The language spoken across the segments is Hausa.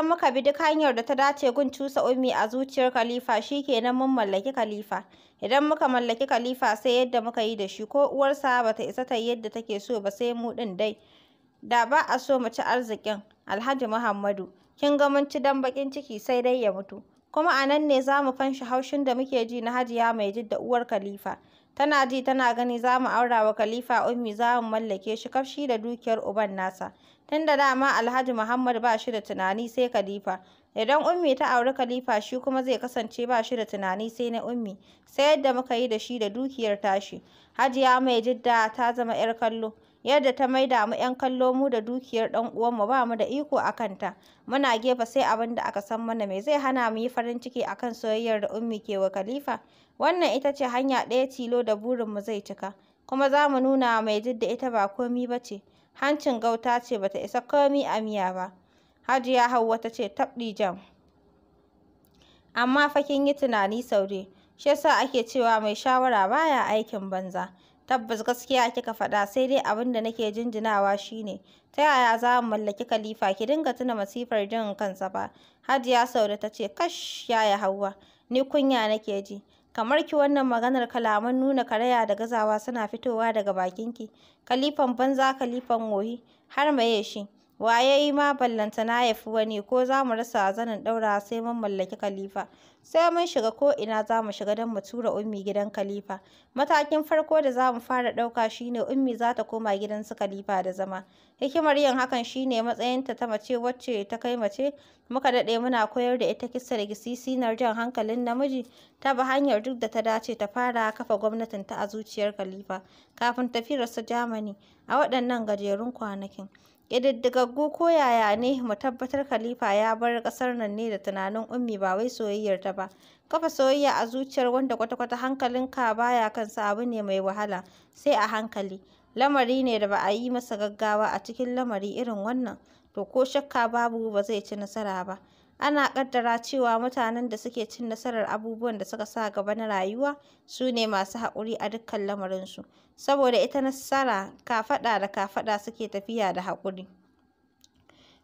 idan muka bi duk hanyar da ta dace gun cusa ummi a zuciyar Khalifa shikenan mun mallaki Khalifa. Idan muka mallaki Khalifa sai yadda muka yi da shi ko uwarsa ta isa ta yi yadda take so ba sai mu din dai. Da ba a so mu ci arzikin Alhaji Muhammadu. Kin ga mun ci dan bakin ciki sai dai ya mutu. Kuma a nan ne za mu fanshi haushin da muke ji na Hajiya mai jidda uwar Khalifa. Tana ji tana gani za mu aura wa Khalifa ummi za mu mallake shi kafshi da dukiyar uban nasa. Tun da dama Alhaji Muhammad ba shi da tunani sai Khalifa. Idan Ummi ta auri Khalifa shi kuma zai kasance ba shi da tunani sai na Ummi, sai yadda muka yi da shi da dukiyar tashi. Hajiya mai jidda ta zama 'yar kallo. Yadda ta maida mu 'yan kallo mu da dukiyar ɗan uwanmu ba mu da iko a kanta. Muna gefe sai abin da aka san mana me zai hana mu yi farin ciki akan soyayyar da Ummi ke wa Khalifa. Wannan ita ce hanya ɗaya tilo da burinmu zai cika. Kuma za mu nuna mai jidda ita ba komi ba ce. hancin gauta ce bata isa komi a miya ba hajiya hauwa ta ce tabɗi jam amma fa kin yi tunani saude shi yasa ake cewa mai shawara baya aikin banza tabbas gaskiya kika faɗa sai dai abin da nake jinjinawa shine ta yaya za mu mallaki khalifa ki dinga tuna masifar jin kansa ba hajiya saude ta ce kash yaya hauwa ni kunya nake ji kamar ki wannan maganar kalaman nuna karaya da gazawa suna fitowa daga bakinki kalifan banza kalifan wohi har maye shi waye ma na ya fi wani ko za mu rasa zanin ɗaura sai mun mallaki khalifa sai mun shiga ko ina za mu shiga don mu tura ummi gidan khalifa matakin farko da za mu fara ɗauka shine ummi za ta koma gidan su khalifa da zama hikimar yin hakan shine matsayinta ta mace wacce ta kai mace muka daɗe muna koyar da ita kisa da gisisinar jan hankalin namiji ta ba hanyar duk da ta dace ta fara kafa gwamnatin ta a zuciyar khalifa kafin tafiyarsa germany a waɗannan gajerun kwanakin ƙididdigaggu ko yaya ne mu tabbatar Khalifa ya bar ƙasar nan ne da tunanin Ummi ba wai soyayyar ta ba. Kafa soyayya a zuciyar wanda kwata-kwata hankalinka baya kansa abu ne mai wahala, sai a hankali. Lamari ne da ba a yi masa gaggawa a cikin lamari irin wannan, to ko shakka babu ba zai ci nasara ba. Ana ƙaddara cewa mutanen da suke cin nasarar abubuwan da suka sa gaba na rayuwa su ne masu haƙuri a dukkan lamarinsu, saboda ita nasara kafaɗa da kafaɗa suke tafiya da haƙuri.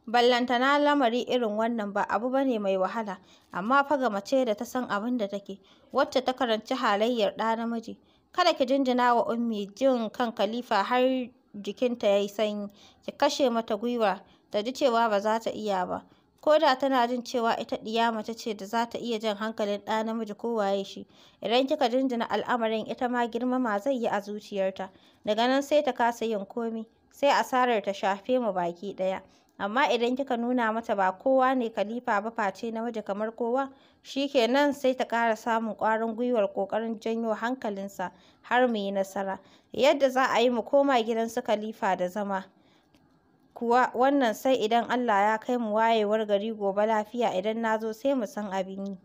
Ballantana lamari irin wannan ba abu ba ne mai wahala, amma fa ga mace da ta san abin da take, wacce ta karanci halayyar ɗa namiji. Kada ki jinjina wa Ummi jin kan kalifa har jikinta ya yi sanyi, ki kashe mata gwiwa ta ji cewa ba za ta iya ba. ko da tana jin cewa ita ɗiya mace ce da za ta iya jan hankalin ɗa namiji ko waye shi idan kika jinjina al'amarin ita ma girmama zai yi a zuciyarta daga nan sai ta kasa yin komi sai asarar ta shafe mu baki ɗaya amma idan kika nuna mata ba kowa ne kalifa ba face namiji kamar kowa shi kenan sai ta ƙara samun ƙwarin gwiwar ƙoƙarin janyo hankalinsa har mu yi nasara yadda za a yi mu koma gidan su kalifa da zama kuwa wannan sai idan Allah ya kai mu wayewar gari gobe lafiya idan na zo sai mu san abin yi.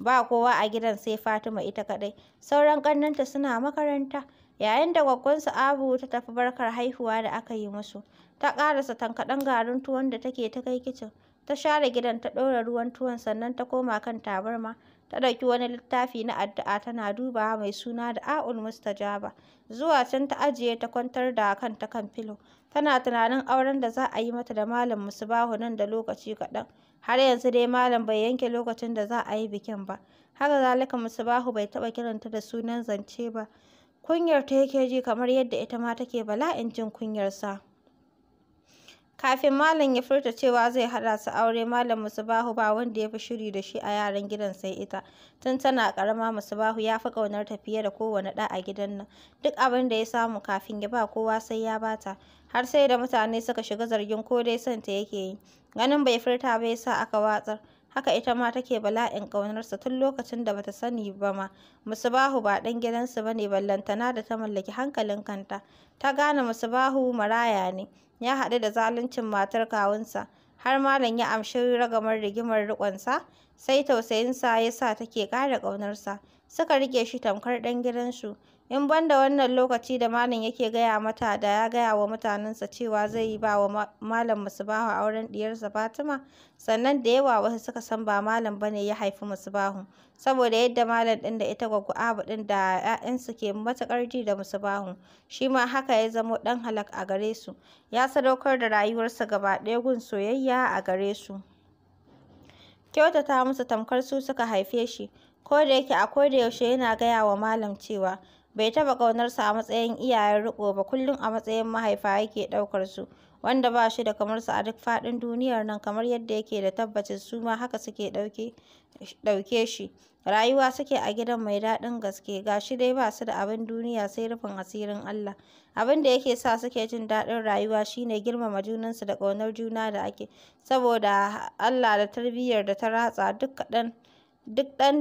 Ba kowa a gidan sai Fatima ita kadai. sauran ƙannenta suna makaranta. Yayin da gwaggonsu Abu ta tafi barkar haihuwa da aka yi musu, ta ƙarasa tankaɗen garin tuwon da take ta kai kicin, ta share gidan ta ɗora ruwan tuwon sannan ta koma kan tabarma. ta ɗauki wani littafi na addu'a tana dubawa mai suna da a'ul mustajaba zuwa can ta ajiye ta kwantar da kanta kan filo tana tunanin auren da za a yi mata da Malam Musbahu nan da lokaci kaɗan. Har yanzu dai Malam bai yanke lokacin da za a yi bikin ba. Haka zalika Musbahu bai taɓa kiranta da sunan zance ba. Kunyar ta yake ji kamar yadda ita ma take bala'in jin kunyarsa. Kafin Malam ya furta cewa zai hada su aure, Malam Musbahu ba wanda ya fi shiri da shi a yaran gidan sai ita. Tun tana ƙarama Musbahu ya fi ƙaunarta fiye da kowane ɗa a gidan nan. Duk abin da ya samu kafin ya ba kowa sai ya bata. Har sai da mutane suka shiga zargin ko dai son ta yake yi. Ganin bai furta ba yasa aka watsar. haka ita ma take bala'in ƙaunarsa tun lokacin da bata sani ba ma bahu ba ɗan gidansu bane ballantana da ta mallaki hankalin kanta ta gane Musbahu maraya ne ya haɗu da zaluncin matar kawunsa, har Malam ya amshi ragamar rigimar riƙonsa, sai tausayinsa ya sa take ƙara ƙaunarsa, suka riƙe shi tamkar ɗan gidansu, in ban da wannan lokaci da malam yake gaya mata da ya gaya wa mutanensa cewa zai yi ba wa malam musbahu auren ɗiyarsa fatima sannan da yawa wasu suka san ba malam ba ne ya haifi musbahu saboda yadda malam ɗin da ita gwaggo abu ɗin da 'ya'yansu ke matuƙar ji da musubahu shi ma haka ya zamo ɗan halak a gare su ya sadaukar da rayuwarsa gaba ɗaya gun soyayya a gare su kyautata musu tamkar su suka haife shi ko da yake a koda yaushe yana gaya wa malam cewa bai taɓa ƙaunarsa a matsayin iyayen riƙo ba kullum a matsayin mahaifa yake ɗaukar su wanda ba shi da kamarsa a duk faɗin duniyar nan kamar yadda yake da tabbacin su ma haka suke ɗauke shi rayuwa suke a gidan mai daɗin gaske ga shi dai ba su da abin duniya sai rufin asirin Allah abin da yake sa suke jin daɗin rayuwa shine girmama junansu da ƙaunar juna da ake saboda Allah da tarbiyyar da ta ratsa duk ɗan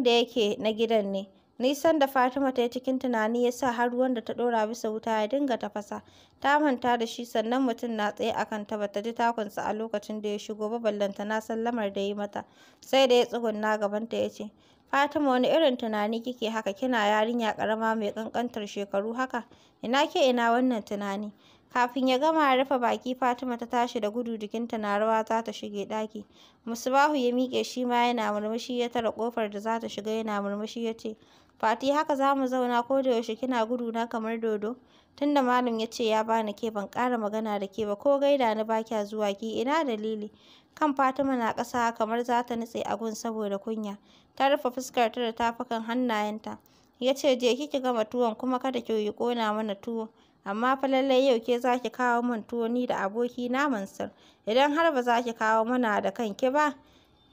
da yake na gidan ne Nisan da Fatima ta yi cikin tunani ya sa har ruwan da ta ɗora bisa wuta ya dinga tafasa. Ta manta da shi sannan mutum na tsaye a kan ba ta ji takunsa a lokacin da ya shigo ba ballanta na sallamar da ya yi mata. Sai da ya tsugunna gabanta ya ce, Fatima wani irin tunani kike haka kina yarinya karama mai ƙanƙantar shekaru haka? Ina ke ina wannan tunani? Kafin ya gama rufe baki Fatima ta tashi da gudu jikinta na rawa za ta shige ɗaki. Musbahu ya miƙe shi ma yana murmushi ya tara ƙofar da za ta shiga yana murmushi ya ce, Fati haka za mu zauna ko da yaushe kina gudu na kamar dodo. Tunda malam ya ce ya bani ke ban ƙara magana da ke ba ko gaida ni ba kya zuwa ki ina dalili. Kan Fatima na ƙasa kamar za ta nutse a gun saboda kunya. Ta rufe fuskar ta da tafukan hannayenta. Ya ce je kiki gama tuwon kuma kada ki yi kona mana tuwo. Amma fa lallai yau ke za ki kawo min tuwo ni da aboki na Mansur. Idan har ba za ki kawo mana da kanki ba,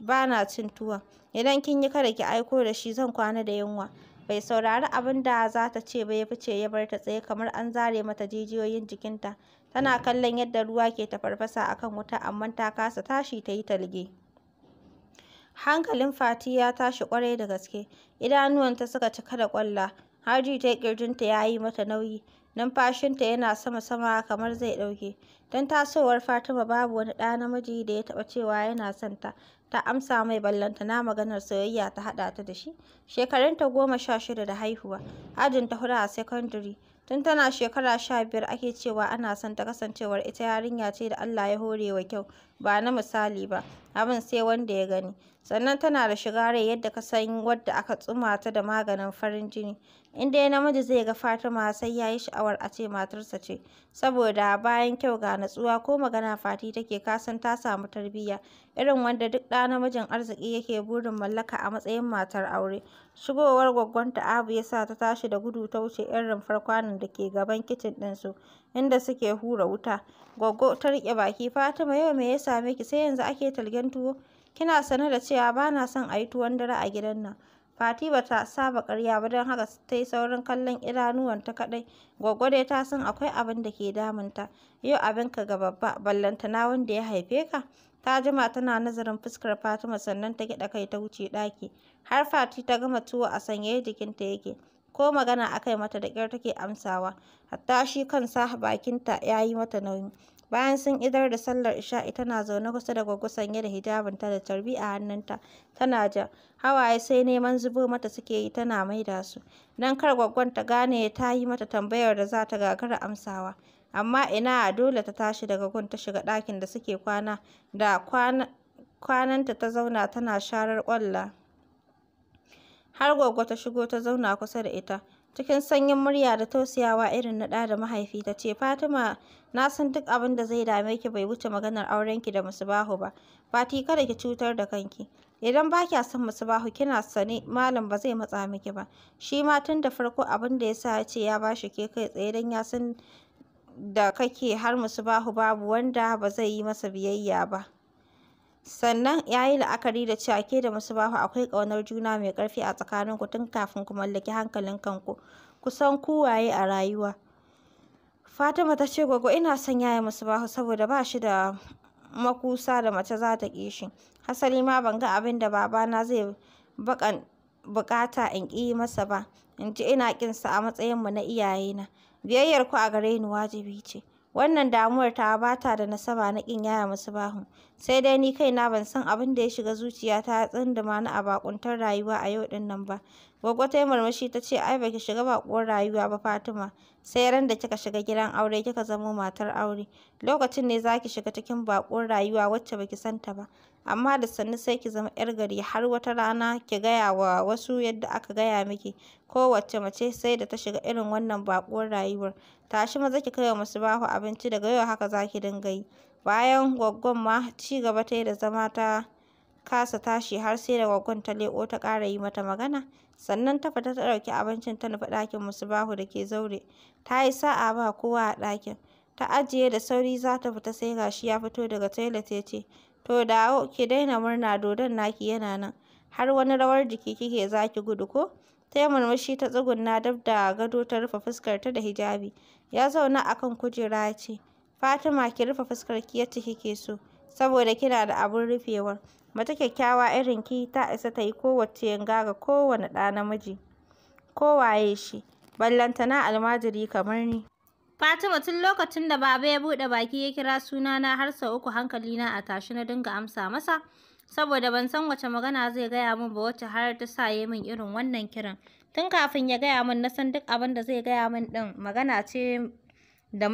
ba na cin tuwon. Idan kin yi kada ki aiko da shi zan kwana da yunwa. bai saurari abin da za ta ce ba ya fice ya bar ta tsaye kamar an zare mata jijiyoyin jikinta tana kallon yadda ruwa ke tafarfasa a kan wuta amma ta kasa tashi ta yi talge hankalin fati ya tashi kwarai da gaske idanuwanta suka cika da kwalla haji ta kirjinta ya yi mata nauyi numfashinta yana sama-sama kamar zai ɗauke don tasowar fatima babu wani ɗa namiji da ya taɓa cewa yana son ta ta amsa mai ballanta na maganar soyayya ta haɗa ta da shi. Shekarunta goma sha shida da haihuwa, ajin ta hura a secondary. Tun tana shekara sha biyar ake cewa ana son ta kasancewar ita yarinya ce da Allah ya hore wa kyau, ba na misali ba. abin sai wanda ya gani. Sannan tana da shiga rai yadda ka san wadda aka tsuma ta da maganin farin jini. In dai namiji zai ga Fatima sai ya yi sha'awar a ce matarsa ce, saboda bayan kyau ga natsuwa ko magana Fati take kasan ta samu tarbiyya, irin wanda duk ɗa namijin arziki yake burin mallaka a matsayin matar aure. Shigowar gwaggonta Abu ya sa ta tashi da gudu ta wuce 'yan rumfar kwanon da ke gaban kicin ɗinsu. inda suke hura wuta. Goggo ta riƙe baki, Fatima yau me ya same ki sai yanzu ake talgen tuwo? Kina sane da cewa ba na son a yi tuwon dare a gidan nan. Fati ba ta saba karya ba don haka ta yi saurin kallon idanuwanta kaɗai. Goggo dai ta san akwai abin da ke damunta. Yau abin ka ga babba, ballanta na wanda ya haife ka. Ta jima tana nazarin fuskar Fatima sannan ta kiɗa kai ta wuce ɗaki. Har Fati ta gama tuwo a sanye jikinta yake. ko magana aka yi mata da ƙyar take amsawa hatta shi kansa bakinta ya yi mata nauyi bayan sun idar da sallar isha'i tana zaune kusa da gwaggo sanye da hijabinta da tarbi a hannunta tana ja hawaye sai neman zubo mata suke yi tana maida su dan kar gwaggon ta gane ta yi mata tambayar da za ta gagara amsawa amma ina a dole ta tashi daga gun ta shiga ɗakin da suke kwana da kwananta ta zauna tana sharar ƙwalla har Goggo ta shigo ta zauna kusa da ita. Cikin sanyin murya da tausayawa irin na ɗa da mahaifi ta ce, Fatima, na san duk abin da zai dame ki bai wuce maganar aurenki da Musbahu ba. Fati kada ki cutar da kanki. Idan ba kya son Musbahu kina sane malam ba zai matsa miki ba. Shi ma tun da farko abin da ya sa ya ce ya ba shi ke kai tsaye don ya san da kake har Musbahu babu wanda ba zai yi masa biyayya ba. sannan ya yi la'akari da cewa ke da Musbahu akwai ƙaunar juna mai ƙarfi a tsakaninku tun kafin ku mallaki hankalin kanku kusan kowaye a rayuwa Fatima ta ce gwaggo ina son yaya Musbahu saboda ba shi da makusa da mace za ta ƙi shi hasali ma ban ga abin da babana zai bakan bukata in ƙi masa ba in ji ina ƙinsa a matsayinmu na iyayena biyayyar ku a gare ni wajibi ce Wannan damuwar ta ba ta da nasaba na ƙin yaya bahu sai dai ni kaina ban san abin da ya shiga zuciyata ya tsunduma ni a baƙuntar rayuwa a yau ɗin nan ba. Gwaggo ta yi murmushi ta ce, ai ba shiga baƙuwar rayuwa ba Fatima, sai ran da kika shiga gidan aure kika zama matar aure lokacin ne za ki shiga cikin bakon rayuwa wacce baki san ta ba amma da sannu sai ki zama yar gari har wata rana ki gaya wa wasu yadda aka gaya miki kowace mace sai da ta shiga irin wannan bakon rayuwar tashi maza ki kai wa bahu abinci daga yau haka za ki dinga yi bayan gwaggon ma ci gaba ta yi da zama ta kasa tashi har sai da gwaggon ta leƙo ta ƙara yi mata magana sannan ta fita ta ɗauki abincin ta nufi ɗakin Musbahu da ke zaure. Ta yi sa'a ba kowa a ɗakin. Ta ajiye da sauri za ta fita sai ga shi ya fito daga toilet ya ce, To dawo ki daina murna dodon naki yana nan, har wani rawar jiki kike za ki gudu ko? Ta yi murmushi ta tsugunna dab da gado ta rufe fuskarta da hijabi. Ya zauna a kan kujera ya ce, Fatima ki rufe fuskar fuskarki yadda kike so, saboda kina da abin rufewar. Mace kyakkyawa irin ki ta isa ta yi kowacce yanga ga kowane ɗa namiji, ko waye shi, ballantana almajiri kamar ni. Fatima tun lokacin da baba ya buɗe baki ya kira suna na har sau uku hankali na a tashi na dinga amsa masa, saboda ban san wace magana zai gaya min ba wacce har ta sa ya min irin wannan kiran. Tun kafin ya gaya min na san duk abin da zai gaya min ɗin magana ce da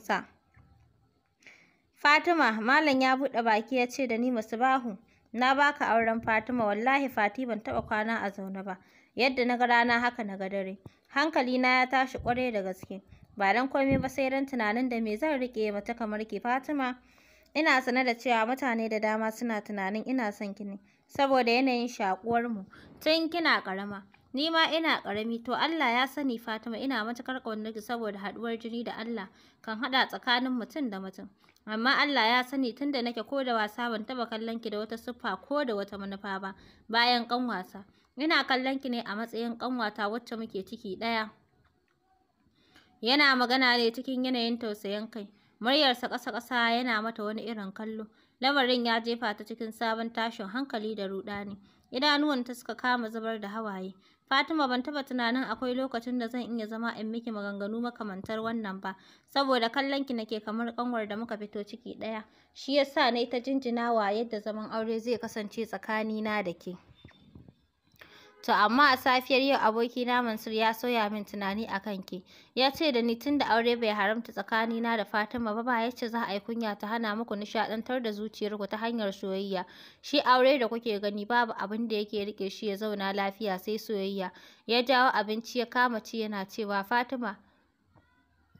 sa Fatima, Malam ya buɗe baki ya ce da ni bahu na baka auren Fatima, wallahi Fati ban taɓa kwana a zaune ba. Yadda na ga rana haka na ga dare. Hankali na ya tashi ƙwarai da gaske. Ba dan komai ba sai ran tunanin da me zan rike mata kamar ki Fatima. Ina sane da cewa mutane da dama suna tunanin ina son ki ne, saboda yanayin shakuwar mu tun kina karama Ni ma ina karami to Allah ya sani Fatima ina matuƙar ƙaunar ki saboda haɗuwar jini da Allah kan haɗa tsakanin mutum da mutum. amma Allah ya sani tunda da nake ko da wasa ban taɓa kallon ki da wata siffa ko da wata manufa ba bayan ƙanwata ina kallon ki ne a matsayin ƙanwata wacce muke ciki ɗaya yana magana ne cikin yanayin tausayin kai muryarsa ƙasa-ƙasa yana mata wani irin kallo lamarin ya jefa ta cikin sabon tashin hankali da ruɗani idanuwanta suka kama zubar da hawaye Fatima ban taɓa tunanin akwai lokacin da zan iya zama in miki maganganu makamantar wannan ba, saboda kallon ki nake kamar ƙanwar da muka fito ciki ɗaya. Shi yasa nayi ta jinjinawa yadda zaman aure zai kasance tsakanina da ke. To amma a safiyar yau abokina Mansur ya soya min tunani a kanki. Ya ce da ni tun da aure bai haramta tsakanina da Fatima ba ba yace za a yi kunya ta hana muku nishadantar da zuciyarku ta hanyar soyayya. Shi aure da kuke gani babu abin da yake rike shi ya zauna lafiya sai soyayya. Ya jawo abinci ya kama ci yana cewa Fatima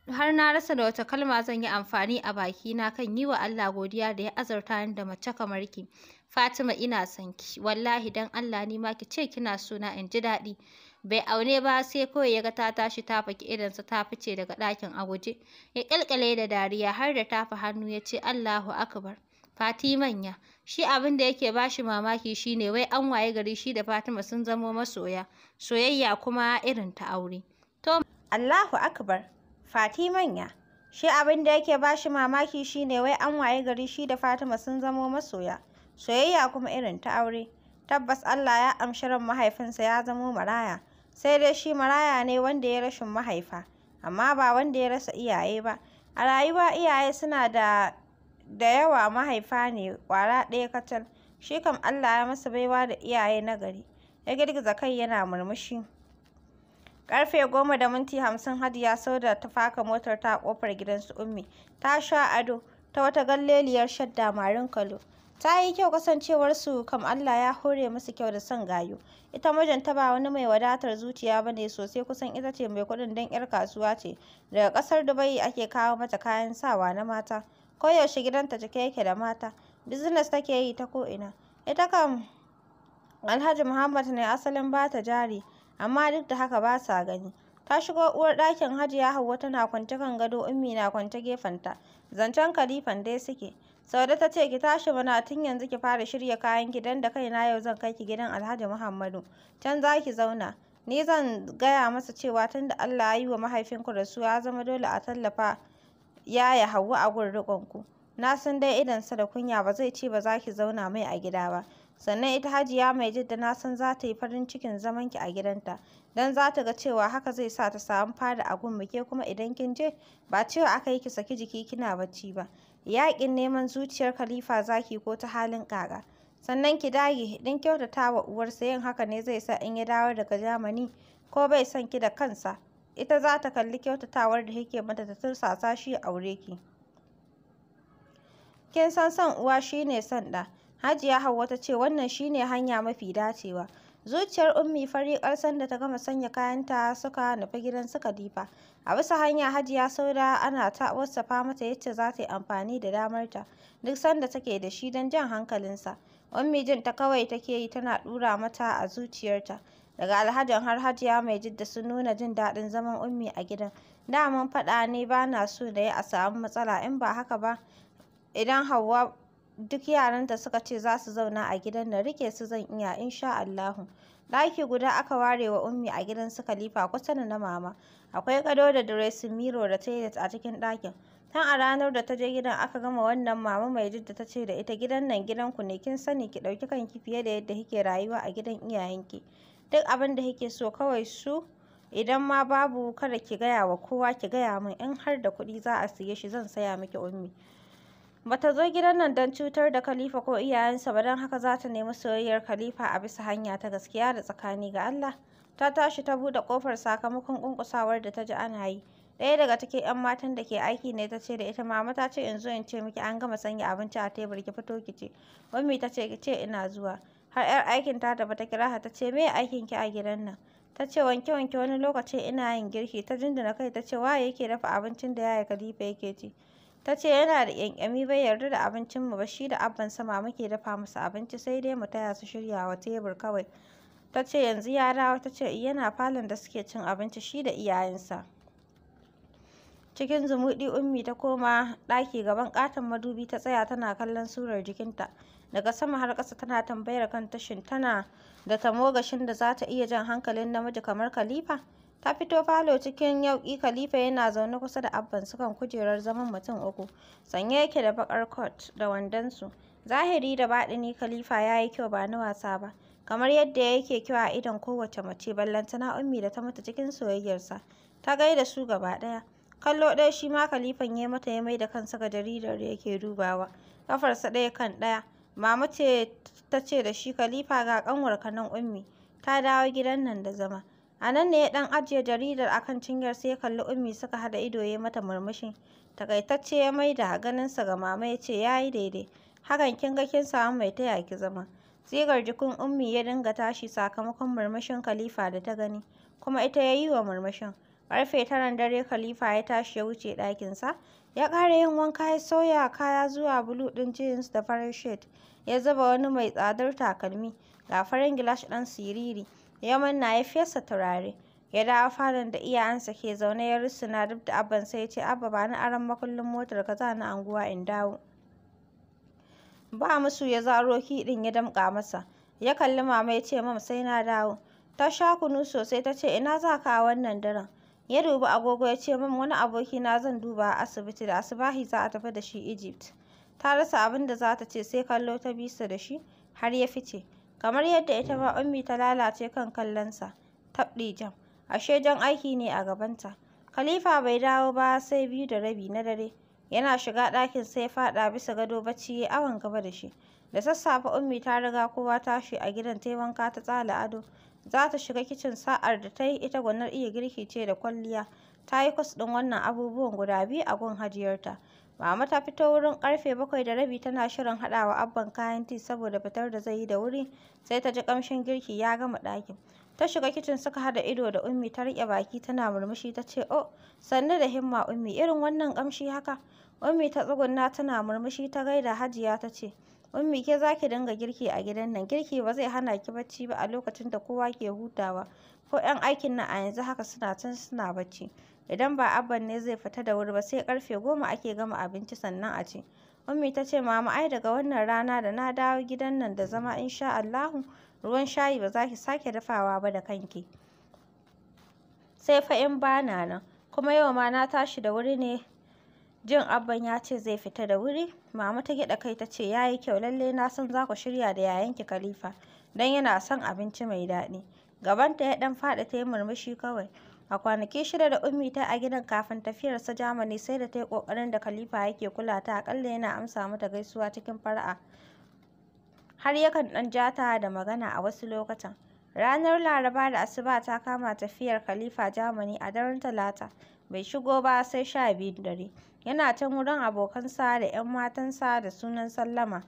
har na rasa da wata kalma zan yi amfani a bakina kan yi wa Allah godiya da ya azurta ni da mace kamar ki. Fatima ina son ki wallahi dan Allah ni ma ki ce kina so na in ji daɗi bai aune ba sai kawai ya ga ta tashi ta faki sa ta fice daga ɗakin a guje ya ƙyalƙyale da dariya har da tafa hannu ya ce Allahu akbar Fatimanya shi abin da yake bashi mamaki shine wai an waye gari shi da Fatima sun zamo masoya soyayya kuma irin ta aure to Allahu akbar Fatimanya shi abin da yake bashi mamaki shine wai an waye gari shi da Fatima sun zamo masoya soyayya kuma irin ta aure. Tabbas Allah ya amshi ran mahaifinsa ya zamo maraya, sai dai shi maraya ne wanda ya rashin mahaifa, amma ba wanda ya rasa iyaye ba. A rayuwa iyaye suna da da yawa mahaifa ne ƙwara ɗaya kacal, shi kam Allah ya masa baiwa da iyaye na gari. Ya girgiza kai yana murmushi. Karfe goma da minti hamsin Hadiya Sauda ta faka motar ta kofar gidansu Ummi, ta sha ado ta wata galleliyar shadda marin kalo. ta yi kyau kasancewarsu kam Allah ya hore musu kyau da son gayu ita mijinta ba wani mai wadatar zuciya ba ne sosai kusan ita ce mai kuɗin don 'yar kasuwa ce daga ƙasar Dubai ake kawo mata kayan sawa na mata koyaushe gidanta cike yake da mata business take yi ta ko'ina ita kam Alhaji Muhammad ne asalin ba ta jari amma duk da haka ba sa gani ta shigo uwar ɗakin Hajiya Hauwa tana kwance kan gado Ummi na kwance gefenta zancen kalifan dai suke Saude ta ce ki tashi mana tun yanzu ki fara shirya kayan gidan da kaina yau zan kai ki gidan Alhaji Muhammadu. Can za ki zauna. Ni zan gaya masa cewa tun da Allah ya yi wa mahaifinku rasuwa ya zama dole a tallafa yaya Hauwa a gun ku. Na san dai sa da kunya ba zai ce ba za ki zauna mai a gida ba. Sannan ita Hajiya mai jidda na san za ta yi farin cikin zaman ki a gidanta. dan za ta ga cewa haka zai sa ta samu fada a gun ke kuma idan kin je ba cewa aka yi ki saki jiki kina bacci ba. yaƙin neman zuciyar Khalifa Zaki ko ta halin ƙaƙa. Sannan ki dage don kyautata wa uwarsa yin haka ne zai sa in ya dawo daga Jamani ko bai son ki da kansa. Ita za ta kalli kyautatawar da yake mata ta tursasa shi ya aure ki. Kin san son uwa shine son ɗa. Hajiya Hauwa ta ce wannan shine hanya mafi dacewa. Zuciyar Ummi fari ƙarsan da ta gama sanya kayanta suka nufi gidan su Khalifa. a wasu hanya hajiya sauda ana ta wasafa mata yadda za ta yi amfani da damarta duk sanda take da shi don jan hankalinsa ummi jin ta kawai take yi tana ɗura mata a zuciyarta daga alhajin har hajiya mai jidda sun nuna jin daɗin zaman ummi a gidan daman faɗa ne ba na so da ya a samu matsala in ba haka ba idan hauwa duk yaranta suka ce za su zauna a gidan na rike su zan iya insha Allahu Ɗaki guda aka ware wa Ummi a gidan su Khalifa kusa da na Mama. Akwai gado da dressing mirror da toilet a cikin ɗakin. Tun a ranar da ta je gidan aka gama wannan mama mai jidda ta ce da ita gidan nan gidan ku ne kin sani ki ɗauki kanki fiye da yadda kike rayuwa a gidan iyayenki. Duk abin da kike so kawai su idan ma babu kada ki gaya wa kowa ki gaya min in har da kuɗi za a siye shi zan saya miki ummi. Bata zo gidan nan don cutar da Khalifa ko iyayensa ba don haka za ta nemi soyayyar Khalifa a bisa hanya ta gaskiya da tsakani ga Allah. Ta tashi ta bude kofar sakamakon kunkusawar da ta ji ana yi. Ɗaya daga cikin 'yan matan da ke aiki ne ta ce da ita mama ta ce in zo in ce miki an gama sanya abinci a tebur ki fito ki ce. Mummy ta ce ki ce ina zuwa. Har 'yar aikin ta da bata kira ta ce me aikin ki a gidan nan? ta ce wanke-wanke wani lokaci ina yin girki ta jinjina kai ta ce waye yake dafa abincin da yaya Khalifa yake ci ta ce yana da ƙyanƙyami bai yarda da abincinmu ba shi da abbansa sama muke dafa masa abinci sai dai mu taya su shiryawa tebur kawai ta ce yanzu ya dawo ta ce yana falon da suke cin abinci shi da iyayensa cikin zumuɗi ummi ta koma ɗaki gaban ƙaton madubi ta tsaya tana kallon surar jikinta daga sama har ƙasa tana tambayar kan tashin tana da tamogashin da za ta iya jan hankalin namiji kamar khalifa Ta fito falo cikin yauƙi Khalifa yana zaune kusa da Abban su kan kujerar zaman mutum uku, sanye yake da baƙar kot da wandonsu. Zahiri da baɗini Khalifa ya yi kyau ba na wasa ba, kamar yadda yake kyau a idon kowace mace ballantana Ummi da ta mutu cikin soyayyarsa. Ta gaida su gaba ɗaya. Kallo ɗaya shi ma Khalifan ya mata ya mai da kansa ga jaridar da yake dubawa, ƙafarsa ɗaya kan ɗaya. Mama ce ta ce da shi Khalifa ga ƙanwarka nan Ummi, ta dawo gidan nan da zama. A nan ne ya ɗan ajiye jaridar a kan cinyar sai ya kalli Ummi suka haɗa ido ya mata murmushi. Takaitacce ya maida ganinsa ga mama ya ce ya yi daidai. Hakan kin ga kin samu mai taya ki zama. Tsigar jikin Ummi ya dinga tashi sakamakon murmushin Khalifa da ta gani, kuma ita ya yi wa murmushin. Ƙarfe taran dare Khalifa ya tashi ya wuce ɗakinsa, ya ƙara yin wanka ya sauya kaya zuwa bulu ɗin jeans da farin shirt. ya zuba wani mai tsadar takalmi, ga farin gilash ɗan siriri. ya na ya fesa turare. Ya dawo falon da iyayensa ke zaune ya rusuna duk da sai ya ce, Abba ba ni aron makullin motar ka za ni anguwa in dawo. Ba musu ya zaro kiɗin ya damƙa masa. Ya kalli mama ya ce, Mam sai na dawo. Ta sha kunu sosai ta ce, Ina za ka wannan daren? Ya dubi agogo ya ce, Mam wani abokina zan duba a asibiti da asibahi za a tafi da shi Egypt. Ta rasa abin da za ta ce sai kallo ta bisa da shi har ya fice. kamar yadda ita ma Ummi ta lalace kan kallonsa. Tabɗi jam, ashe jan aiki ne a gabanta. Khalifa bai dawo ba sai biyu da rabi na dare. Yana shiga ɗakin sai faɗa bisa gado bacci ya awon gaba da shi. Da sassafe Ummi ta riga kowa tashi a gidan ta wanka ta tsala ado. Za ta shiga kicin sa'ar da ta yi ita gwanar iya girki ce da kwalliya. Ta yi kwas ɗin wannan abubuwan guda biyu a gun hajiyarta. Mama ta fito wurin karfe bakwai da rabi tana shirin haɗawa Abban kayan ti saboda fitar da zai yi da wuri, sai ta ji kamshin girki ya gama ɗakin. Ta shiga kicin suka haɗa ido da Ummi ta riƙe baki tana murmushi ta ce, "Oh, sannu da himma Ummi, irin wannan kamshi haka." Ummi ta tsugunna tana murmushi ta gaida Hajiya ta ce, Ummi ke za ki dinga girki a gidan nan, girki ba zai hana ki bacci ba a lokacin da kowa ke hutawa, ko 'yan aikin na a yanzu haka suna can suna bacci. idan ba abban ne zai fita da wuri ba sai karfe goma ake gama abinci sannan a ci ummi ta ce mama ai daga wannan rana da na dawo gidan nan da zama insha Allahu ruwan shayi ba za ki sake dafawa ba da kanki sai fa in bana nan kuma yau ma na tashi da wuri ne jin abban ya ce zai fita da wuri mama ta gyaɗa kai ta ce yayi kyau lallai na san za ku shirya da yayanki khalifa Dan yana son abinci mai daɗi gabanta ya ɗan faɗi ta yi murmushi kawai A kwanaki shida da Ummi ta a gidan kafin tafiyarsa Germany sai da ta yi ƙoƙarin da Khalifa yake kula ta aƙalla yana amsa mata gaisuwa cikin fara'a. Har yakan ɗan ja ta da magana a wasu lokutan. Ranar Laraba da Asuba ta kama tafiyar Khalifa Germany a daren Talata. Bai shigo ba sai sha biyun dare. Yana can wurin abokansa da 'yan matansa da sunan sallama.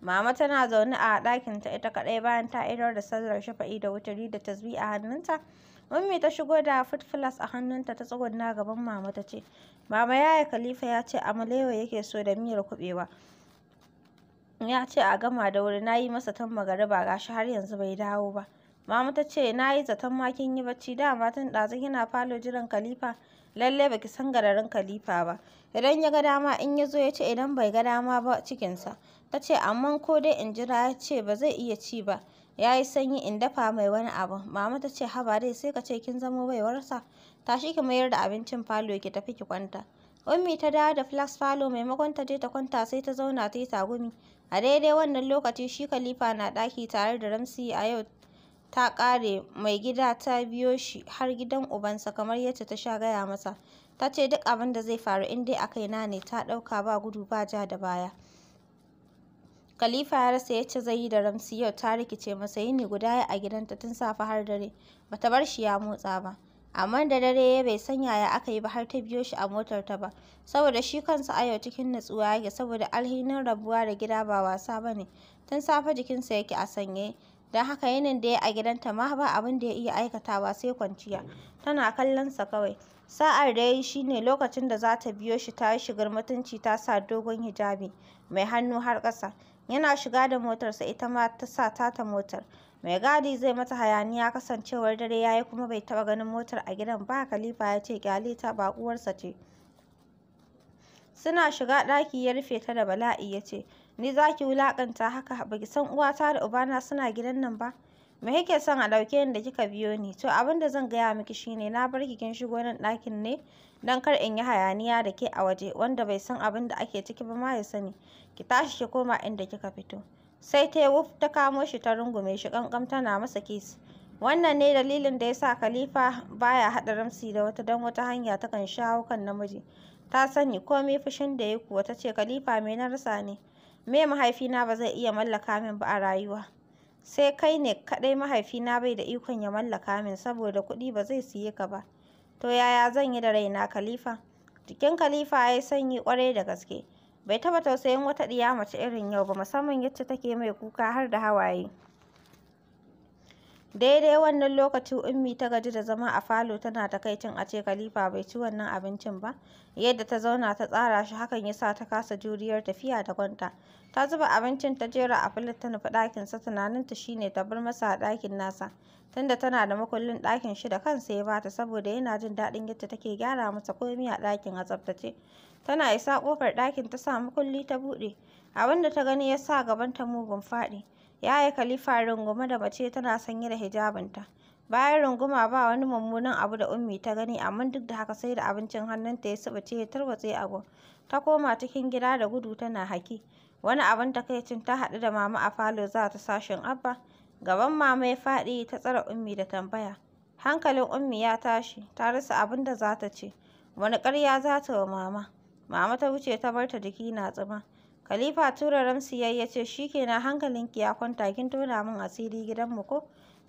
Mama tana zaune a ɗakinta ita kaɗai bayan ta idar da sallar shafa'i da wutar da tasbih a hannunta. Mummy ta shigo da foot flask a hannunta ta na gaban mama ta ce, Mama yaya Khalifa ya ce amalewa yake so da miyar kuɓewa. Ya ce a gama da wuri na yi masa tan ba gashi har yanzu bai dawo ba. Mama ta ce na yi zaton ma kin yi bacci dama tun ɗazu kina falo jiran Khalifa lalle baki san gararin Khalifa ba. Idan ya ga dama in ya zo ya ce idan bai ga dama ba cikinsa. Ta ce amma ko dai in jira ya ce ba zai iya ci ba. ya yi sanyi in dafa mai wani abu mama ta ce haba dai sai ka ce kin zamo baiwarsa tashi ki mayar da abincin falo ki tafi ki kwanta ummi ta dawo da flax falo maimakon ta je ta kwanta sai ta zauna ta yi tagumi a daidai wannan lokaci shi khalifa na ɗaki tare da ramsi a yau ta kare mai gida ta biyo shi har gidan ubansa kamar yadda ta sha gaya masa ta ce duk abin da zai faru in dai a kaina ne ta ɗauka ba gudu ba ja da baya Khalifa ya rasa yacce zai yi da Ramsi yau ta rikice masa yini guda a gidanta tun safe har dare ba ta bar shi ya motsa ba. Amma da dare ya bai san yaya aka yi ba har ta biyo shi a motar ta ba saboda shi kansa a yau cikin natsuwa yake saboda alhinin rabuwa da gida ba wasa ba ne tun safe jikinsa yake a sanye don haka yinin da ya a gidanta ma ba abin da ya iya aikatawa sai kwanciya tana kallon sa kawai sa'ar da ya yi shi ne lokacin da za ta biyo shi ta yi shigar mutunci ta sa dogon hijabi mai hannu har ƙasa yana shiga da motarsa ita ma ta sa tata motar mai gadi zai mata hayaniya kasancewar dare ya yayi kuma bai taɓa ganin motar a gidan ba khalifa ya ce ƙyale ta bakuwarsa ce suna shiga ɗaki ya rufe ta da bala'i ya ce ni za ki wulaƙanta haka ba ki san uwata da ubana suna gidan nan ba me kike son a ɗauke ni da kika biyo ni to abin da zan gaya miki shine na bar kin shigo nan ɗakin ne don kar in yi hayaniya da ke a waje wanda bai san abin da ake ciki ba ma ya sani ki tashi ki koma inda kika fito sai ta wuf ta kamo shi ta rungume shi kankam tana masa kisi wannan ne dalilin da ya sa khalifa baya haɗa ramsi da wata don wata hanya takan shawo kan namiji ta sani komai fushin da ya kuwa ta ce khalifa me na rasa ne me mahaifina ba zai iya mallaka min ba a rayuwa sai kai ne kaɗai mahaifina bai da ikon ya mallaka min saboda kuɗi ba zai siye ka ba to yaya zan yi da raina khalifa jikin khalifa ya yi sanyi ƙwarai da gaske bai taɓa tausayin wata ɗiya mace irin yau ba musamman yacce take mai kuka har da hawaye Daidai wannan lokacin Ummi ta gaji da zama a falo tana takaicin a ce Khalifa bai ci wannan abincin ba. Yadda ta zauna ta tsara shi hakan ya sa ta kasa juriyar tafiya da kwanta. Ta zuba abincin ta jera a filin ta nufi ɗakin sa tunanin ta shine ta bar masa a ɗakin nasa. Tunda tana da makullin ɗakin shi da kansa ya bata saboda yana jin daɗin yadda take gyara masa komai a ɗakin a tsaftace. Tana isa ƙofar ɗakin ta sa makulli ta buɗe. Abin da ta gani ya sa ta mugun faɗi. Ya yi kalifa, rungume da mace tana sanye da hijabinta. Bayan runguma ba wani mummunan abu da Ummi ta gani amma duk da haka sai da abincin hannunta ya ce ya tarwatse a Ta koma cikin gida da gudu tana haki. Wani abun takaicin ta haɗu da mama a falo za ta sashin Abba. Gaban mama ya faɗi ta tsare Ummi da tambaya. Hankalin Ummi ya tashi, ta rasa abin da za ta ce. Wani ƙarya za ta wa mama. Mama ta wuce ta bar ta jiki na tsima Khalifa tura Ramsiyya ya ce shi kenan hankalinki ya kwanta kin tona min asiri gidanmu ko?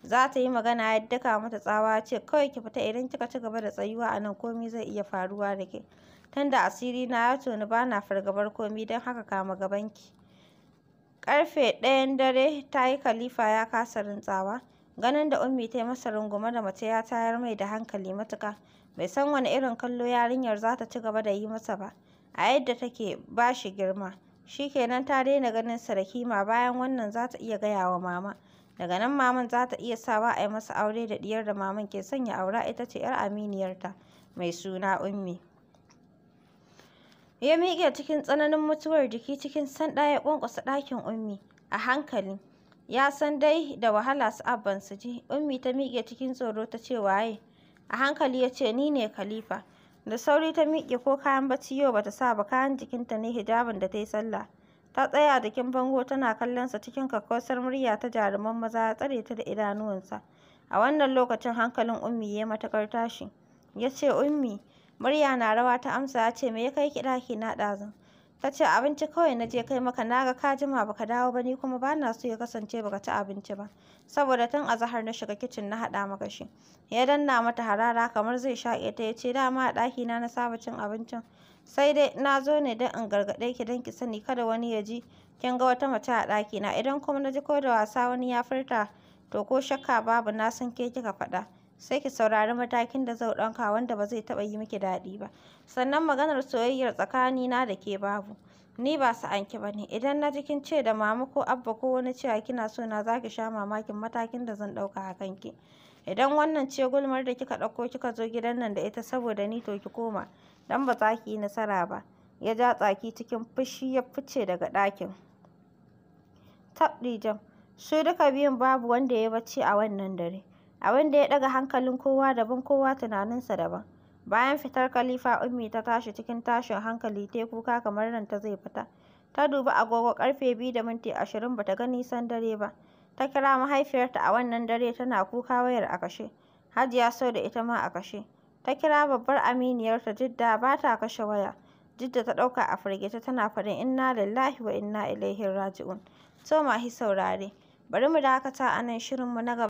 Za ta yi magana ya daka mata tsawa ce kawai ki fita idan kika ci gaba da tsayuwa a nan komai zai iya faruwa da ke. Tunda asiri na ya toni ba na fargabar komai don haka kama gabanki. Karfe ɗayan dare ta yi Khalifa ya kasa rintsawa. Ganin da Ummi ta yi masa rungume da mace ya tayar mai da hankali matuka. Bai san wani irin kallo yarinyar za ta ci gaba da yi masa ba. A yadda take ba shi girma. Shi kenan ta daina ganin sa da kima bayan wannan za ta iya gaya wa mama. Daga nan maman za ta iya sawa a yi masa aure da diyar da maman ke son ya aura ita ce 'yar aminiyarta mai suna Ummi. Ya miƙe cikin tsananin mutuwar jiki cikin sanda ya ƙwanƙwasa ɗakin Ummi a hankali. Ya san dai da wahala su abban su ji. Ummi ta miƙe cikin tsoro ta ce waye? A hankali ya ce ni ne Khalifa. da sauri ta miƙe ko kayan bacci yau bata sa ba kayan jikinta ne hijabin da ta yi sallah ta tsaya a jikin bango tana kallon sa cikin kakkausar murya ta jaruman maza ya tsare ta da idanuwansa a wannan lokacin hankalin ummi ya matakar tashi ya ce ummi murya na rawa ta amsa ya ce me ya kai ki ɗaki na ɗazun ta ce abinci kawai na je kai maka na ga ka jima baka dawo ba ni kuma ba na so ya kasance baka ci abinci ba saboda tun azahar na shiga kicin na haɗa maka shi ya danna mata harara kamar zai shaƙe ta ya ce dama a ɗakina na saba cin abincin sai dai na zo ne don in gargaɗe ki don ki sani kada wani ya ji kin ga wata mace a ɗaki na idan kuma na ji ko da wasa wani ya furta to ko shakka babu na san ke kika faɗa sai ki saurari matakin da zau ɗauka wanda ba zai taɓa yi miki daɗi ba sannan maganar soyayyar na da ke babu ni ba sa'anki ba ne idan na ji kin ce da mama ko abba ko wani cewa kina so na za ki sha mamakin matakin da zan ɗauka a kanki idan wannan ce gulmar da kika ɗauko kika zo gidan nan da ita saboda ni to ki koma dan ba za ki yi nasara ba ya ja tsaki cikin fushi ya fice daga ɗakin tab su duka biyun babu wanda ya bacci a wannan dare abin da ya ɗaga hankalin kowa daban kowa tunaninsa daban. Bayan fitar kalifa Ummi ta tashi cikin tashin hankali ta kuka kamar ranta zai fita. Ta dubi agogo karfe biyu da minti ashirin bata ga nisan dare ba. Ta kira mahaifiyarta a wannan dare tana kuka wayar a kashe. Hajiya so da ita ma a kashe. Ta kira babbar aminiyarta Jidda ba ta kashe waya. Jidda ta ɗauka a firgita tana faɗin inna lillahi wa inna ilaihi raji'un. ma hi saurare, bari mu dakata a nan shirinmu na gaba.